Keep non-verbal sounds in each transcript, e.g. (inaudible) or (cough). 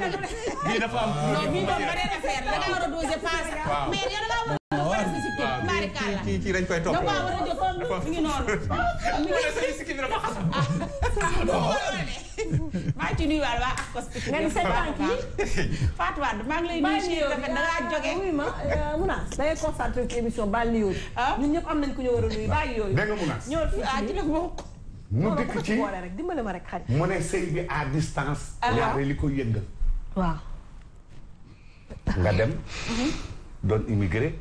bii dafa am. non bii moom beneen affaire la da nga war a doser paase. waaw mais yow da ngaa war a. waaw waaw kii kii kii dañ koy topp. da ngaa war a jëfoo (laughs) ah, mi ngi noonu. mu ne sa sikki bi dafa xas. ah (laughs) non maa ngi ci nuyuwaale waa ASCOS. ngeen sa tànk yi. (laughs) Fatou Wade maa ngi lay nuyu si rafet da ngaa jógee. oui yooyu. ñun ñëpp am nañ ku ñu war a nuyu bàyyi yooyu. dégg nga Mounas ñoo ah ci la bokk. mu dikk mu ne sëy bi à distance. Ah. li ko yëngal. waaw. nga dem. doon immigré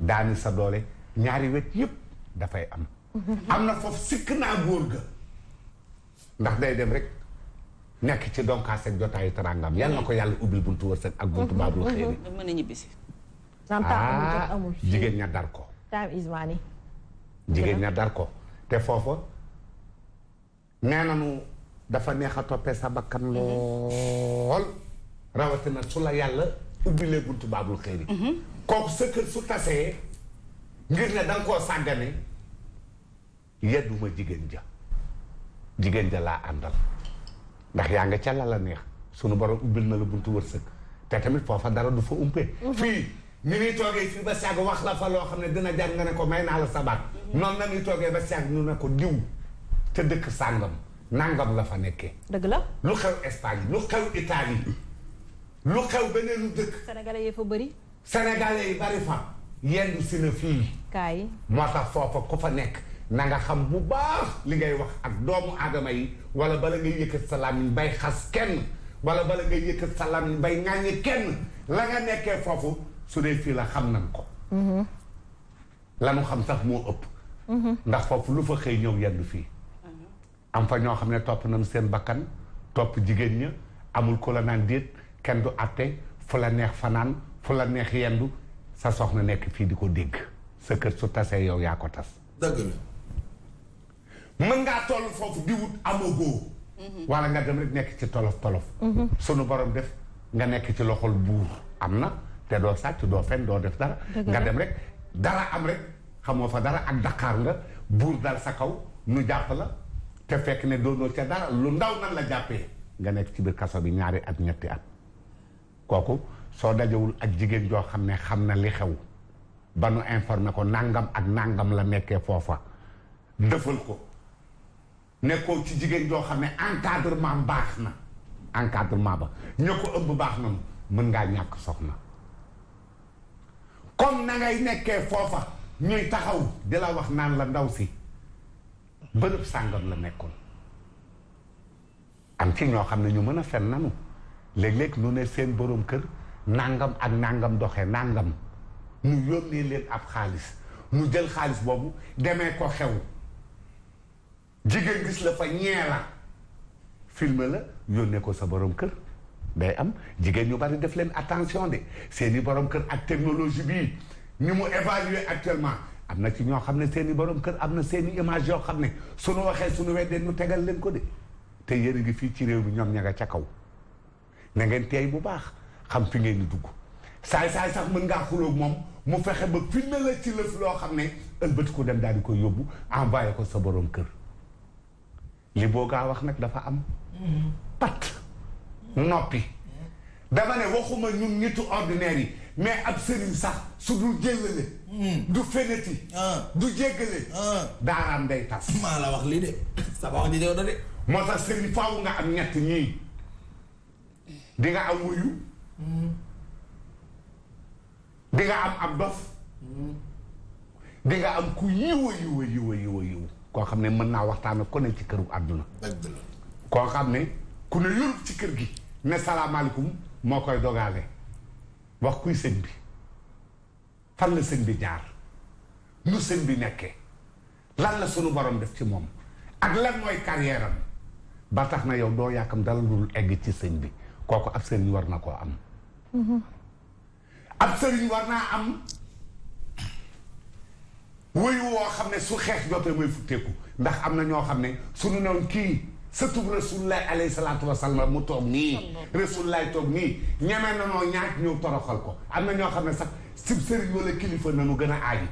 daani sa doole ñaari wet yëpp dafay am. am na foofu sikk naa góor ga. ndax day dem rek nekk ci donc ak jotaayu tarangam yal na ko yàlla ubbil buntu wërsëg ak buntu mhm. baabul xëy mhm. na. Ah, jigéen ña dar ko. time is money. jigéen ña dar ko te foofu nee nañu dafa neex a toppee sa bakkan mhm. lool. rawatina su la yàlla ubbilee buntu baabul xëyri mhm. kooku sa kër su tasee ngir ne danga koo sàggane yedduma jigéen ja jigéen ja laa àndal ndax yaa nga ca la la neex sunu borom ubbil na la buntu wërsëg te tamit foofa dara du fa umpee mhm. fii ni ñuy toogee fii ba sàgg wax la fa loo xam ne dina jàngane nga ne ko may naa la sabaat mhm. noonu na ñuy toogee ba sàgg ñu ne ko diw te dëkk sàngam nangam la fa nekkee dëgg la lu xew Espagne lu xew Italie lu xew beneenu dëkk. sénégalais yi fa bëri. sénégalais yi bëri fa. yendu si na fii. kaay moo tax foofa ku fa nekk na nga xam bu baax li ngay wax ak doomu aadama yi wala bala ngay yëkkat sa làmmiñ bay xas kenn wala bala ngay yëkkat sa kenn la nga nekkee foofu su dee fii la xam nañ ko. Mm-hmm. lanu xam sax moo ëpp. Mm-hmm. ndax foofu lu fa xëy ñëw yendu fii. Mm-hmm. am fa ñoo xam ne topp nañ seen bakkan topp jigéen ñi amul ko la naan déet. kenn du atte fu la neex fanaan fu la neex yendu sa soxna nekk fii di ko dégg sa kër su tasee yow yaa ko tas. dëgg la. mën ngaa toll foofu di wut amagoo. Mhm. wala nga dem rek nekk ci tolof tolof. Mhm. sunu borom def nga nekk ci loxol buur am na te doo sàcc doo fen doo def dara. nga dem rek dara am rek xamoo fa dara ak daqaar nga buur dal sa kaw nu jàpp la te fekk ne doonoo ca dara lu ndaw nan la jàppee. nga nekk ci biir kaso bi ñaari ak ñetti at. kooku soo dajewul ak jigéen joo xam ne xam na li xew ba nu informé ko nangam ak nangam la nekkee foofa dëfal ko nekkoo ci jigéen joo xam ne encadrement baax na encadrement ba ña ko ëmb baax na mën ngaa ñàkk soxna comme na ngay nekkee foofa ñuy taxaw di la wax naan la ndaw si bërëb sàngam la nekkoon am ci ñoo xam ne ñu mën a fen nanu léeg-léeg nu ne seen borom kër nangam ak nangam doxe nangam nu yónnee leen ab xaalis nu jël xaalis boobu demee ko xew jigéen gis la fa ñee la filme la yónnee ko sa borom kër day am jigéen ñu bari def leen attention de seeni borom kër ak technologie bii ni mu évaluer actuellement am na ci ñoo xam ne seeni borom kër am na seeni image yoo xam ne su suñu waxee su suñu weddee ñu tegal leen ko de te yéen gi fii ci réew bi ñoom ña ca kaw na ngeen teey bu baax xam fi ngeen di dugg saay saay sax mën ngaa xuloog moom mu fexe ba firnde la ci lëf loo xam ne ëlbati ko dem daal di koy yóbbu envoyé ko sa boroom kër li boo gaa wax nag dafa am pat noppi dama ne waxuma ñun nitu ordinaire yi mais ab sëriñ sax su dul jéllale hmm. du feneti ah. du jéggale ah. daaraam day tas maa la wax lii de sa wax nga am ñett ñii dinga nga am wuyu di am ab dof di nga am ku yiwa yiwa yiwa yiwa koo xam ne mën naa waxtaan ak ku ne ci këru àdduna koo xam ne ku ne yurub ci kër gi ne salaamaaleykum moo koy dogaale wax kuy sëñ bi fan la sëñ bi jaar nu sëñ bi nekkee lan la sunu borom def ci moom ak lan mooy carrière am ba tax na yow doo yàkkam dara dul egg ci sëñ bi kooku ab sëriñ war na koo am. ab sëriñ war naa am wuyu woo xam ne su xeex jotee mooy futteeku ndax am na ñoo xam ne suñu noon kii sëtub rasulilah alayhi salaatu wa salaam mu toog nii. rasulilah toog nii ñeme na noo ñaaj ñëw toroxal ko am na ñoo xam ne sax sib sëriñ wala kilifa na nu gën a aaji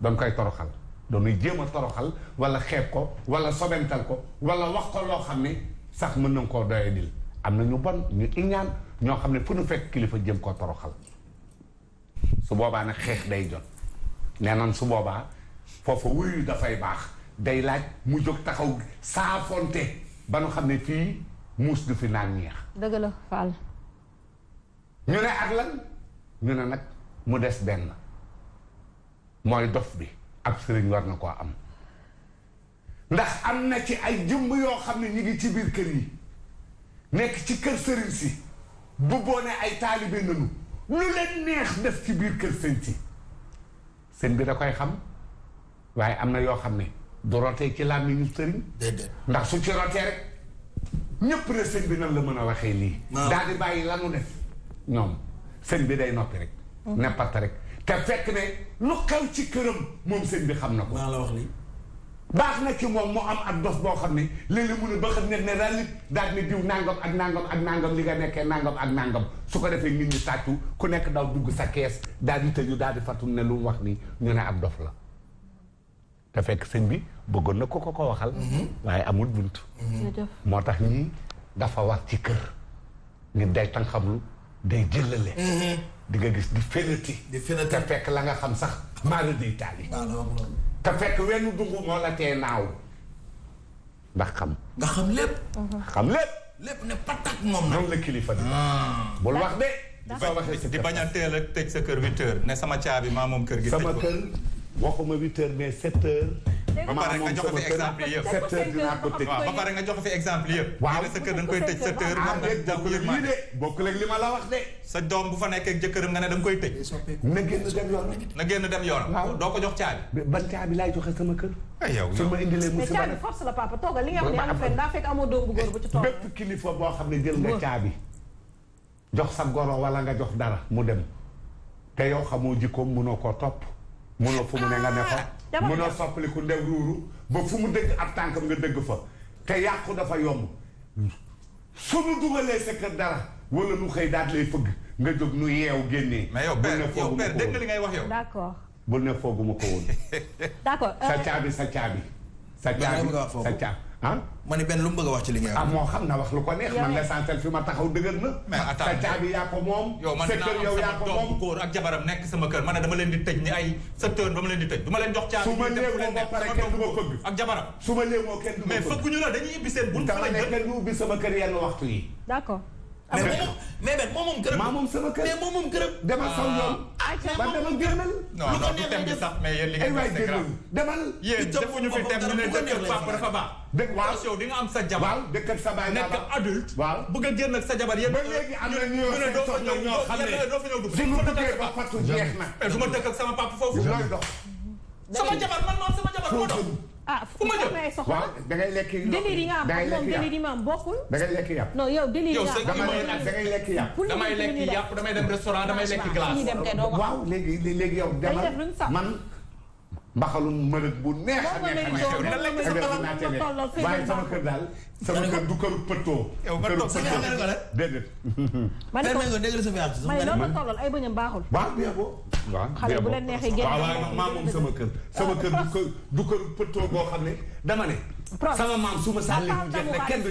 doon koy toroxal. doonu jéem a toroxal wala xeeb ko wala sobental ko wala wax ko loo xam ne sax mën na koo doyadil. am na ñu bon ñu iñaan ñoo xam ne fu ñu fekk kilifa jëm koo toroxal su boobaa nag xeex day jot nee nan su boobaa foofa wuyu dafay baax day laaj mu jóg taxaw saafonte ba nu xam ne fii muus du fi naan ñeex dëgg la Fall ñu ne ak lan ñu ne nag mu des benn mooy dof bi ak sëriñ war na koo am ndax am na ci ay jëmm yoo xam ne ñu ngi ci biir kër yi nekk ci kër sëriñ si bu boone ay taalibe nanu lu leen neex def ci biir kër sëñ si sën bi da koy xam waaye am na yoo xam ne du rotee ci làmmiñu sëriñ ndax su ci rotee rek ñépp ne sëñ bi nan la mën a waxee nii daal di bàyyi lanu def ñoom sëñ bi day noppi rek mm. neppata rek te fekk ne lu xew ci këram moom sëñ bi xam na ko la wax baax na ci moom mu am ak dof boo xam ne léeg-léeg mu ne ba xam ne ne daal nit daal ne diw nangam ak nangam ak nangam li nga nekkee nangam ak nangam su ko defee nit ñi sàccu ku nekk daw dugg sa kees daal di tëju daal di fàttu ne lu mu wax ni ñu ne ab dof la te fekk sëñ bi bëggoon na ko ko ko waxal mhm. waaye amul bunt mhm. moo tax nii dafa wax ci kër nit day tan xamlu day jëlale mhm. di nga gis di fenati di fenati te fekk la nga xam sax maara day taali te fekk wenn dungu moo la tee naaw ndax xam nga xam lépp xam lépp lépp ne patak moom na la kilifa di ah. bul wax de soo waxee di bañ a teel a tëj sa kër huit heures ne sama caabi maa moom kër gi sama kër waxuma huit heures mais ba pare nga jox ko fi exemple yëpp. sept heures dinaa ko tëj waaw ba pare nga jox ko fi exemple yëpp. waaw sa kër da nga koy tëj sept heures. ah léegi bokkul ak lii de bokkul ak li ma la wax de. sa doom bu fa nekkee ak jëkkëram nga ne da nga koy tëj. na génn dem yoon. na génn dem yoon. waaw doo ko jox caabi. ban caabi laay joxe sama kër. ay yow su ma indilee musiba mais caabi force la papa toogal li nga xam ne yaa ngi fekk daa fekk amoo doom bu góor bu ci toog. bépp kilifa boo xam ne jël nga caabi jox sa goro wala nga jox dara mu dem te yow xamoo jikkoom munoo koo topp mënoo fu mu ne nga ne fa ah, mënoo soppaliku ndew ruuru ba fu mu dëgg ab tànkam nga dëgg fa te yàqu dafa yomb su nu dugalee sa kër dara wala nu xëy daal lay fëgg nga jóg nu yeew génnee mais yow père dégg nga li ngay wax yow d'accord bul ne fooguma ko woon (laughs) d'accord euh, sa caabi sa caabi sa caabi sa caabi ah ma ne benn lu mu bëgg wax ci li nga ah moo xam na wax lu ko neex man l'essentiel fi ma taxaw dëgër na mais sa caabi yaa moom yow man dinaa yow yaa ko moom ak jabaram nekk sama kër ma ne dama leen di tëj ni ay sept heures ba ma leen di tëj du leen jox caabi su ma léegoo ba kenn du ma fëgg ak jabaram su ma léegoo kenn du ma fëgg mais fëgguñu la dañuy ubbi seen bunt dama ne kenn du ubbi sama kër yenn waxtu yi d'accord mais moom mais mais moom moom gërëm. moom sama kër mais moom moom gërëm. demal ah. saw yoon. Ah, ba demal gërëmal. non non du thème bi sax mais yéen li ngeen wax c'est grave. demal yéen defuñu fi thème ñu ne dëkk papa dafa baax. dëkk waaw yow di nga am sa jabar. waaw dëkk sa baay nekk adulte. waaw bëgg a génn ak sa jabar yéen. ba léegi am na ñu ne doo fa ñëw ñoo xam ne doo fa ñëw dugg. suñu duggee ba fatu jeex na. du ma dëkk ak sama papa foofu. looy dox. sama jabar man man sama jabar moo dox. ah fu ma amee soxla da ngay lekk yàpp délire yi nga am ak moom délire yi ma am bokkul. da ngay lekk yàpp non yow délire yi nga am da ngay lekk yàpp damay lekk yàpp damay dem restaurant damay lekk glace waaw léegi léegi yow demal man mbaxalum mërëg bu neex a neex waaye sama kër daal sama kër du këru pëttoo këru pëttoo déedéet (laughs) man ko dégg la sa fiyaat man loolu ma tollal ay bëñam baaxul waaw waaw xale bu la neexee génn ah waaw sama kër sama kër du kër du kër pëttoo xam ne dama ne sama maam su ma sàllee mu jeex na kenn ci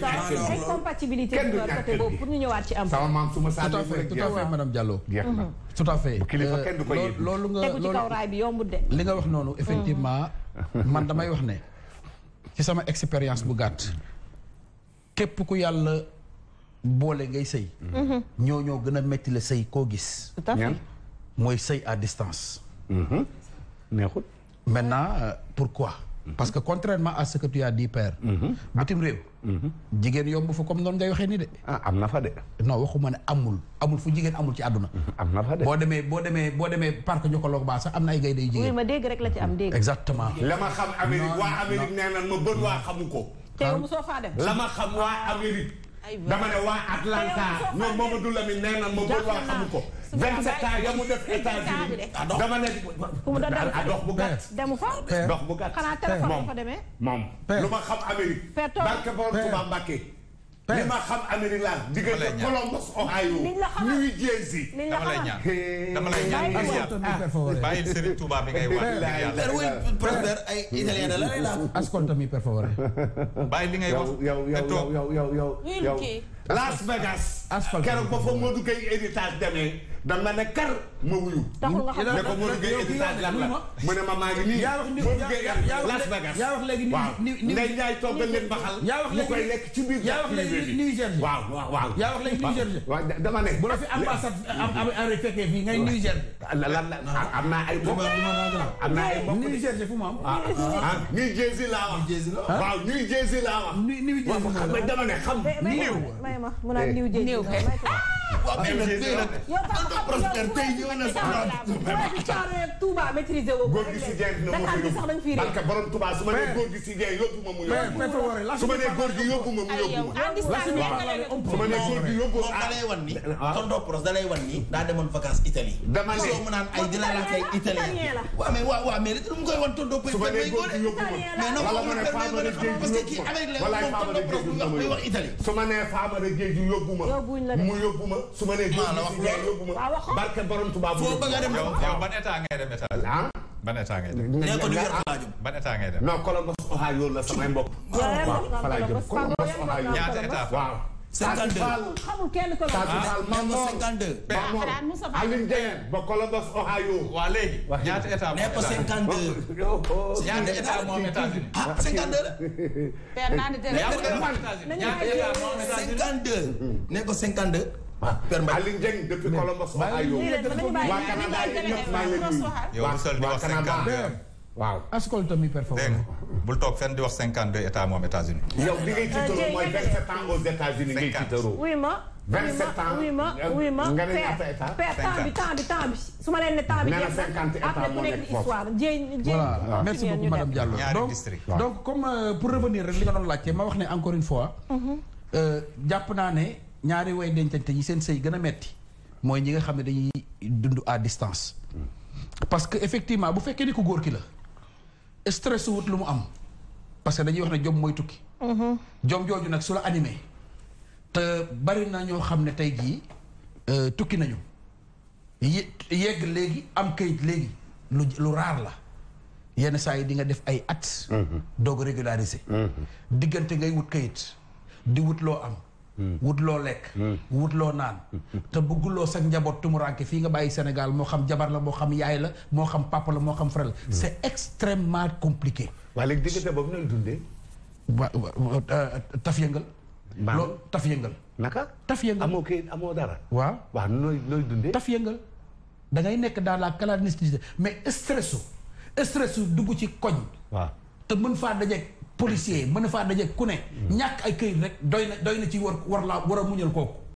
am sama su ma sàllee mu jeex na mhm. tout à euh, bi yombut de li nga wax noonu mhm. effectivement man damay wax ne ci sama expérience bu gàtt képp ku yàlla boole ngay sëy mhm. ñoo ñoo gën a metti la sëy koo gis mooy sëy à distance. Mm-hmm. neexut. maintenant euh, pourquoi. Mm-hmm. parce que contrairement à ce que tu as dit père. Mm-hmm. bitim réew. jigéen yomb fa comme noonu ngay waxee nii de. Ah, am na fa de. non waxuma ne amul amul fu jigéen amul ci àdduna. am na boo demee boo demee boo demee parc Jokalante ba sax am na ay gaynde yu jigéen. ma dégg rek la ci am dégg. exactement. la ma xam Amérique waa Amérique nee ma bët waa xamu ko. teewul soo faa dem. ma xam waa Amérique. dama ne waa Atlanta ñoom Mamadou Lamine nee na ma bët waa xamu 27 ans ya mu def États-Unis ah, dama ne ah, ah, dox bu gàtt. demu fa dox bu gàtt. xanaa téléphone fa demee moom lu ma xam Amérique. barke Borom Tuubaa Mbàkke li ma xam Amérique laa diggante Columbus Ohio New Jersey dama lay ñaan dama lay ñaan bàyyi Serigne Touba bi ngay wax per wuy professeur ay italien la lay laaj ascoltami per favore bàyyi li ngay wax yow yow yow yow yow yow Las Vegas asphalt keroog ba fa Modou Gueye héritage demee dama ne kar ma wuyu. taxul nga xam ne ko Modou Gueye héritage lan la mu ne ma maa ngi nii. yaa wax ni Las Vegas yaa wax léegi nii Ndeye Ndiaye toggal leen baxal. yaa wax léegi mu koy lekk ci biir. yaa wax léegi Niger bi waaw waaw waaw. yaa wax léegi Niger bi waaw dama ne. bu la fi ambassade am am am fekkee fii ngay Niger bi. lan la am naa ay mbokk. am naa ay mbokk Niger bi fu mu am. ah New Jersey laa wax. waaw New Jersey laa wax. New Jersey dama ne xam. Diouf waaw mais nag mais nag tonton Prospère tey su ma nee mu yóbbu. mu yóbbu. daa demoon vacances Italie. dama mu naan ay dina la kay italien. mu koy de Géej parce que kii Amérique la wax tonton Pros wax Italie. su ma nee mu yóbbu su ma nee. maa la wax loolu barke borom Tuubaa foo bëgg a dem yow ban état ngay dem état ah ban état ngay dem. nee ko New York ah. laa jëm ban état ngay dem. non Columbus Ohio la samay mbokk. (laughs) waaw fa laa jëm Columbus Ohio ñaata état waaw. 52 xamul kenn ko la 52 Aline Dieng ba Columbus Ohio waa léegi ñaata état moo nekk 52 ñaata état moo am États-Unis (laughs) ah 52 la per naa ne 52 ne ko 52 Ah. Aline Dieng depuis Colombos waa Canada ñëpp maa leen nuyu waa Canada waaw ascolta mi per favore bul toog fenn di wax cinquante deux états moom États-Unis yow li ngay tiitaroo euh, mooy vingt sept ans aux États-Unis ngay tiitaroo oui ma vingt sept ans oui ma oui ma nga ne ñaata état per temps bi temps bi temps bi su ma leen ne temps bi jeex na cinquante états moo nekk foofu voilà merci beaucoup madame Diallo donc donc comme euh, pour revenir rek li nga doon laajte ma wax ne encore une fois mhm. euh, jàpp naa ne ñaari way dencante yi seen sëy gën a metti mooy ñi nga xam ne dañuy dund à distance parce que effectivement bu fekkee ni ko góor ki la stress wut lu mu am parce que dañuy wax ne jom mooy tukki mhm. jom jooju nag su la animé te bari na ñoo xam ne tey jii euh, tukki nañu yegg léegi am kayit léegi lu lu raar la yenn saa yi di nga def ay at mhm. doog régulariser mhm. diggante ngay wut kayit di wut loo am Hmm. wut loo lekk hmm. wut loo naan hmm. te bëgguloo sax njaboot tumuraanke fii nga bàyyi Sénégal moo xam jabar la moo xam yaay la moo xam papa la moo xam frère la c'est extrêmement compliqué waa boobu nag dundee waaw euh, loolu taf yëngal naka taf amoo kay amoo dara waa waaw nooy nooy dundee taf yëngal da ngay nekk dans la clandestinité mais stress stress dugg ci koñ waaw te mën faa dajeeg policier mën na faa daje ku ne. Mm. ñàkk ay këyit rek doy na doy na ci war war laa war a muñal kooku.